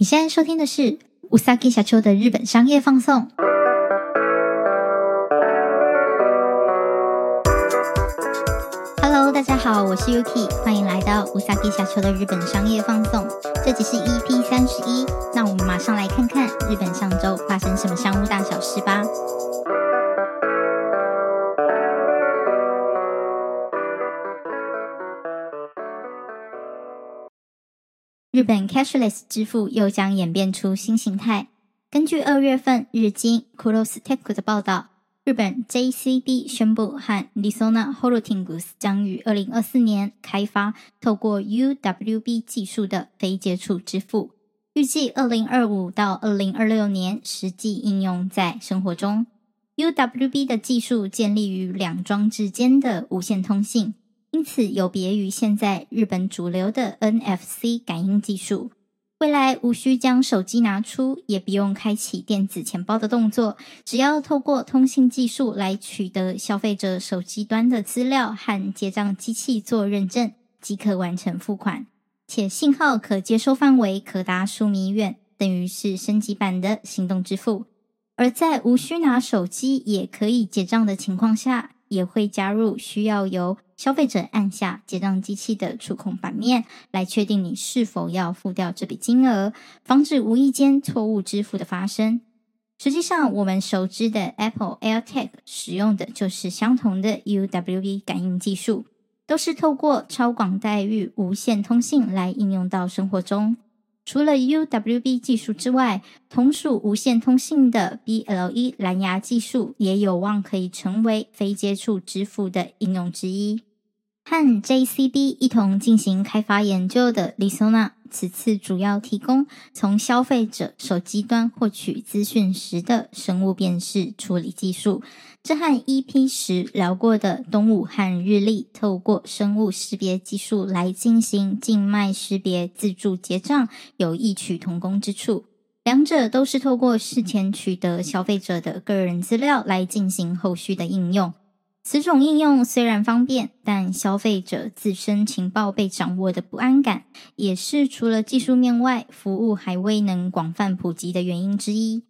你現在收聽的是《うさぎ社長》的日本商業放送。Hello，大家好，我是 Yuki，歡迎來到《うさぎ社長》的日本商業放送。這集是 EP 31，那我們馬上來看看日本上周發生什麼商務大小事吧。日本 cashless 支付又將演變出新形態。根據二月份日經 Cross Tech 的報道，日本 JCB 宣佈和 Resona Holdings 將於二零二四年開發透過 UWB 技術的非接觸支付，預計二零二五到二零二六年實際應用在生活中。UWB 的技術建立於兩裝置間的無線通信。因此，有別於現在日本主流的 NFC 感應技術，未來無需將手機拿出，也不用開啟電子錢包的動作，只要透過通信技術來取得消費者手機端的資料和結賬機器做認證，即可完成付款。且信號可接收範圍可達數米遠，等於是升級版的行動支付。而在無需拿手機也可以結賬的情況下，也會加入需要由消費者按下結賬機器的觸控板面，來確定你是否要付掉這筆金額，防止無意間錯誤支付的發生。實際上，我們熟知的 Apple AirTag 使用的就是相同的 UWB 感應技術，都是透過超廣帶域無線通信來應用到生活中。除了 UWB 技術之外，同屬無線通信的 BLE 藍牙技術也有望可以成為非接觸支付的應用之一。和 JCB 一同進行開發研究的りそな此次主要提供從消費者手機端獲取資訊時的生物辨識處理技術。這和 EP 十聊過的東武和日立透過生物識別技術來進行靜脈識別自助結賬有異曲同工之處。兩者都是透過事前取得消費者的個人資料來進行後續的應用。此種應用雖然方便，但消費者自身情報被掌握的不安感，也是除了技術面外，服務還未能廣泛普及的原因之一。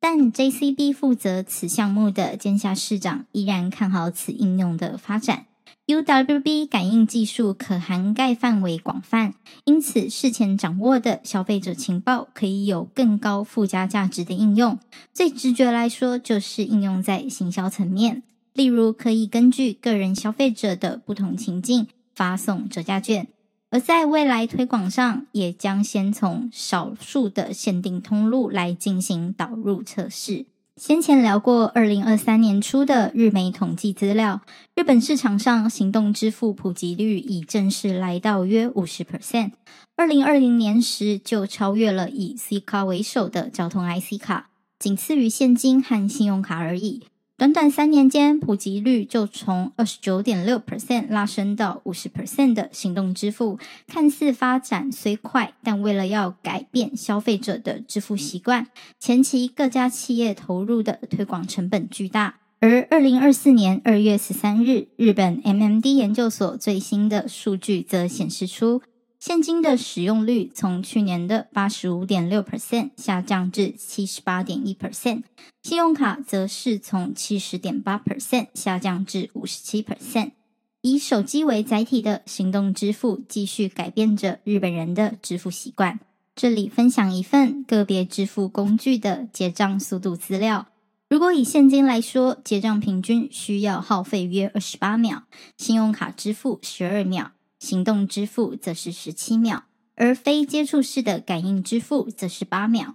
但 JCB 負責此項目的劍下市長依然看好此應用的發展。UWB 感應技術可涵蓋範圍廣泛，因此事前掌握的消費者情報可以有更高附加價值的應用。最直覺來說，就是應用在行銷層面。例如，可以根據個人消費者的不同情境發送折價券，而在未來推廣上，也將先從少數的限定通路來進行導入測試。先前聊過，二零二三年初的日媒統計資料，日本市場上行動支付普及率已正式來到約五十 percent，二零二零年時就超越了以 C 卡為首的交通 IC 卡，僅次於現金和信用卡而已。短短三年間，普及率就從二十九點六 percent 拉升到五十 percent 的行動支付，看似發展雖快，但為了要改變消費者的支付習慣，前期各家企業投入的推廣成本巨大。而二零二四年二月十三日，日本 MMD 研究所最新的數據則顯示出。現金的使用率從去年的八十五點六 percent 下降至七十八點一 percent，信用卡則是從七十點八 percent 下降至五十七 percent。以手機為載體的行動支付繼續改變着日本人的支付習慣。這裡分享一份個別支付工具的結賬速度資料。如果以現金來說，結賬平均需要耗費約二十八秒，信用卡支付十二秒。行動支付則是十七秒，而非接觸式的感應支付則是八秒。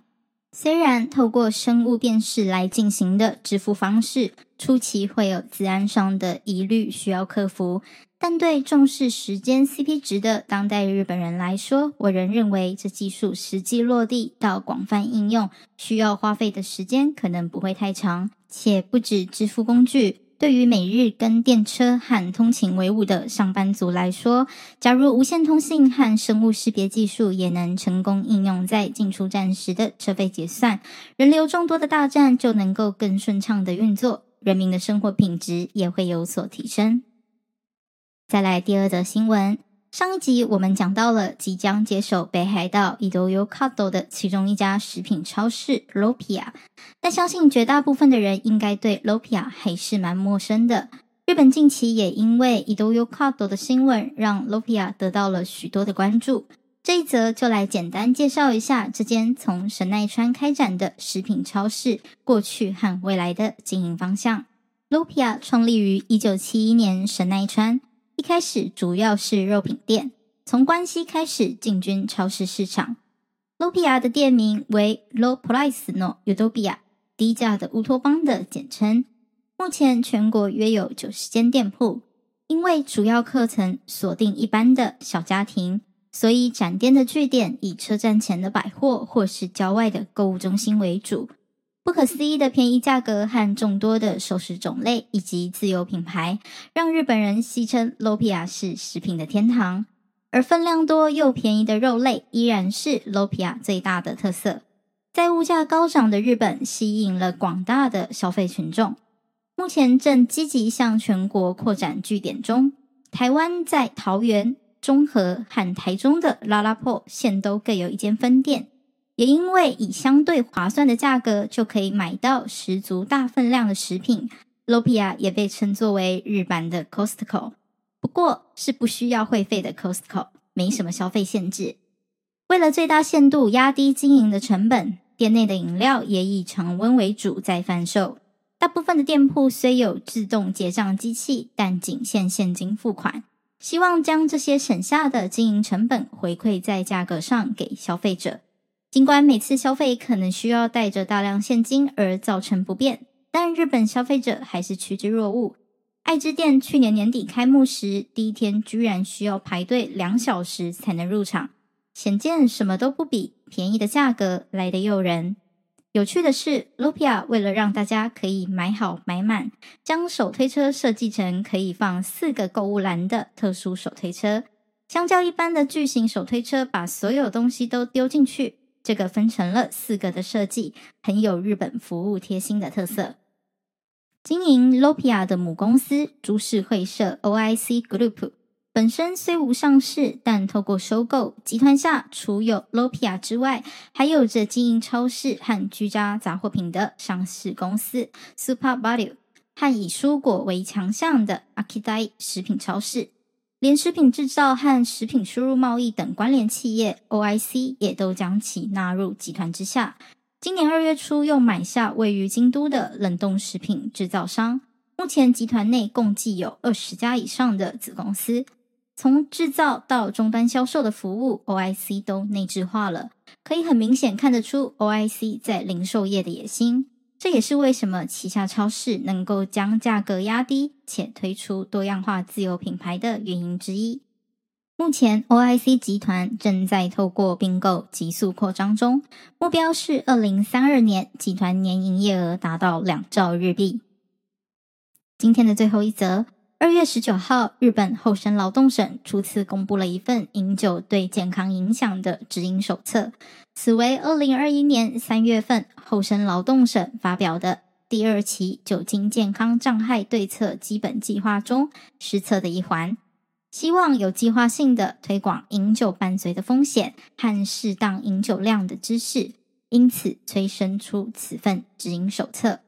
雖然透過生物辨識來進行的支付方式，初期會有自然上的疑慮需要克服，但對重視時間 CP 值的當代日本人來說，我仍認為這技術實際落地到廣泛應用，需要花費的時間可能不會太長，且不止支付工具。對於每日跟電車和通勤為伍的上班族來說，假如無線通信和生物識別技術也能成功應用在進出站時的車費結算，人流眾多的大站就能夠更順暢的運作，人民的生活品質也會有所提升。再來，第二則新聞。上一集我們講到了即將接手北海道 Ito Yokado 的其中一家食品超市 Lopia，但相信絕大部分的人應該對 Lopia 還是蠻陌生的。日本近期也因為 Ito Yokado 的新聞，讓 Lopia 得到了許多的關注。這一則就來簡單介紹一下這間從神奈川開展的食品超市過去和未來的經營方向。Lopia 創立於一九七一年神奈川。一開始主要是肉品店，從關西開始進軍超市市場。Lopia 的店名為 Low Price No Utopia（ 低價的烏托邦）的簡稱。目前全國約有九十間店鋪。因為主要客層鎖定一般的小家庭，所以展店的據點以車站前的百貨或是郊外的購物中心為主。不可思議的便宜價格和眾多的壽司種類以及自有品牌，讓日本人戲稱 Lopia 是食品的天堂。而分量多又便宜的肉類依然是 Lopia 最大的特色，在物價高漲的日本吸引了廣大的消費群眾。目前正積極向全國擴展據點中，台灣在桃園、中和和台中的 LaLaport 都各有一間分店。也因為以相對划算的價格就可以買到十足大分量的食品，Lopia 也被稱作為日版的 Costco，不過是不需要會費的 Costco，沒什麼消費限制。為了最大限度壓低經營的成本，店內的飲料也以常溫為主在販售。大部分的店鋪雖有自動結賬機器，但僅限現金付款，希望將這些省下的經營成本回饋在價格上給消費者。儘管每次消費可能需要帶着大量現金而造成不便，但日本消費者還是趨之若鶩。愛知店去年年底開幕時，第一天居然需要排隊兩小時才能入場。顯見什麼都不比便宜的價格來得誘人。有趣的是，Lopia 為了讓大家可以買好買滿，將手推車設計成可以放四個購物籃的特殊手推車。相較一般的巨型手推車，把所有東西都丟進去。這個分成了四個的設計，很有日本服務貼心的特色。經營 Lopia 的母公司株式會社 OIC Group 本身雖無上市，但透過收購，集團下除有 Lopia 之外，還有着經營超市和居家雜貨品的上市公司 Super Value，和以蔬果為強項的 Akidai 食品超市。連食品製造和食品輸入貿易等關聯企業 OIC 也都將其納入集團之下。今年二月初又買下位於京都的冷凍食品製造商。目前集團內共計有二十家以上的子公司，從製造到終端銷售的服務 OIC 都內置化了，可以很明顯看得出 OIC 在零售業的野心。這也是為什麼旗下超市能夠將價格壓低且推出多樣化自有品牌的原因之一。目前，OIC 集團正在透過併購急速擴張中，目標是二零三二年集團年營業額達到兩兆日幣。今天的最後一則。二月十九號，日本厚生勞動省初次公布了一份飲酒對健康影響的指引手冊。此為二零二一年三月份厚生勞動省發表的第二期酒精健康障礙對策基本計劃中施策的一環，希望有計劃性的推廣飲酒伴隨的風險和適當飲酒量的知識，因此催生出此份指引手冊。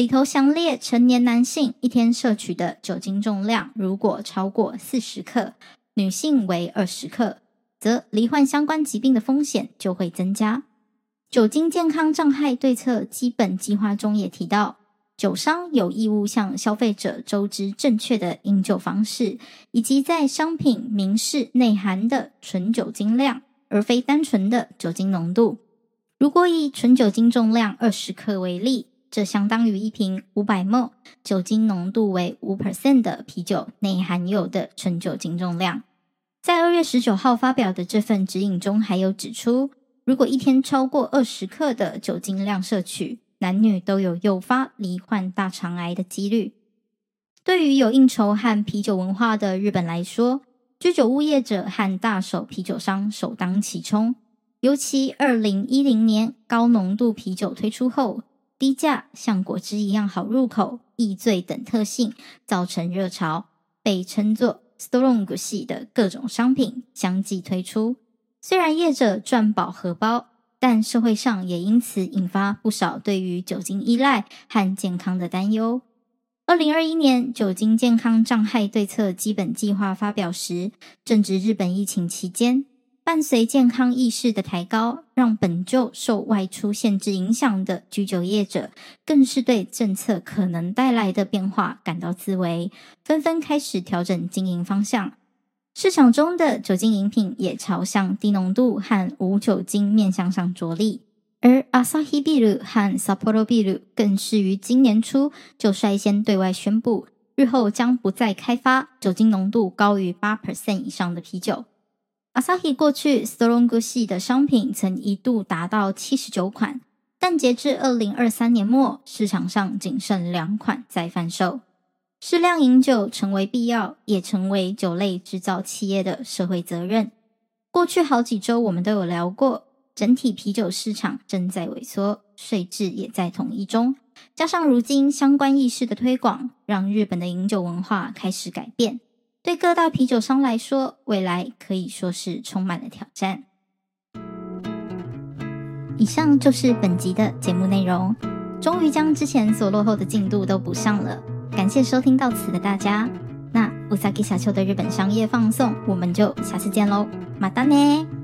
裡頭詳列成年男性一天攝取的酒精重量，如果超過四十克，女性為二十克，則罹患相關疾病的風險就會增加。酒精健康障礙對策基本計劃中也提到，酒商有義務向消費者周知正確的飲酒方式，以及在商品明示內含的純酒精量，而非單純的酒精濃度。如果以純酒精重量二十克為例。這相當於一瓶五百 ml 酒精濃度為五 percent 的啤酒內含有的純酒精重量。在二月十九號發表的這份指引中，還有指出，如果一天超過二十克的酒精量攝取，男女都有誘發罹患大腸癌的幾率。對於有應酬和啤酒文化的日本來說，居酒屋業者和大手啤酒商首當其衝。尤其二零一零年高濃度啤酒推出後。低價，像果汁一樣好入口、易醉等特性，造成熱潮，被稱作 strong 系的各種商品相繼推出。雖然業者賺飽荷包，但社會上也因此引發不少對於酒精依賴和健康的擔憂。二零二一年酒精健康障害對策基本計劃發表時，正值日本疫情期間。伴隨健康意識的抬高，讓本就受外出限制影響的居酒業者，更是對政策可能帶來的變化感到自危，紛紛開始調整經營方向。市場中的酒精飲品也朝向低濃度和無酒精面向上着力，而 Asahi 啤酒和 Sapporo 啤酒更是於今年初就率先對外宣布，日後將不再開發酒精濃度高於八 percent 以上的啤酒。Asahi 過去ストロング系的商品曾一度達到七十九款，但截至二零二三年末，市場上僅剩兩款在販售。適量飲酒成為必要，也成為酒類製造企業的社會責任。過去好幾周，我們都有聊過，整體啤酒市場正在萎縮，稅制也在統一中，加上如今相關意識的推廣，讓日本的飲酒文化開始改變。對各大啤酒商來說，未來可以說是充滿了挑戰。以上就是本集的節目內容，終於將之前所落後的進度都補上了。感謝收聽到此的大家，那うさぎ社長的日本商業放送，我們就下次見嘍，またね。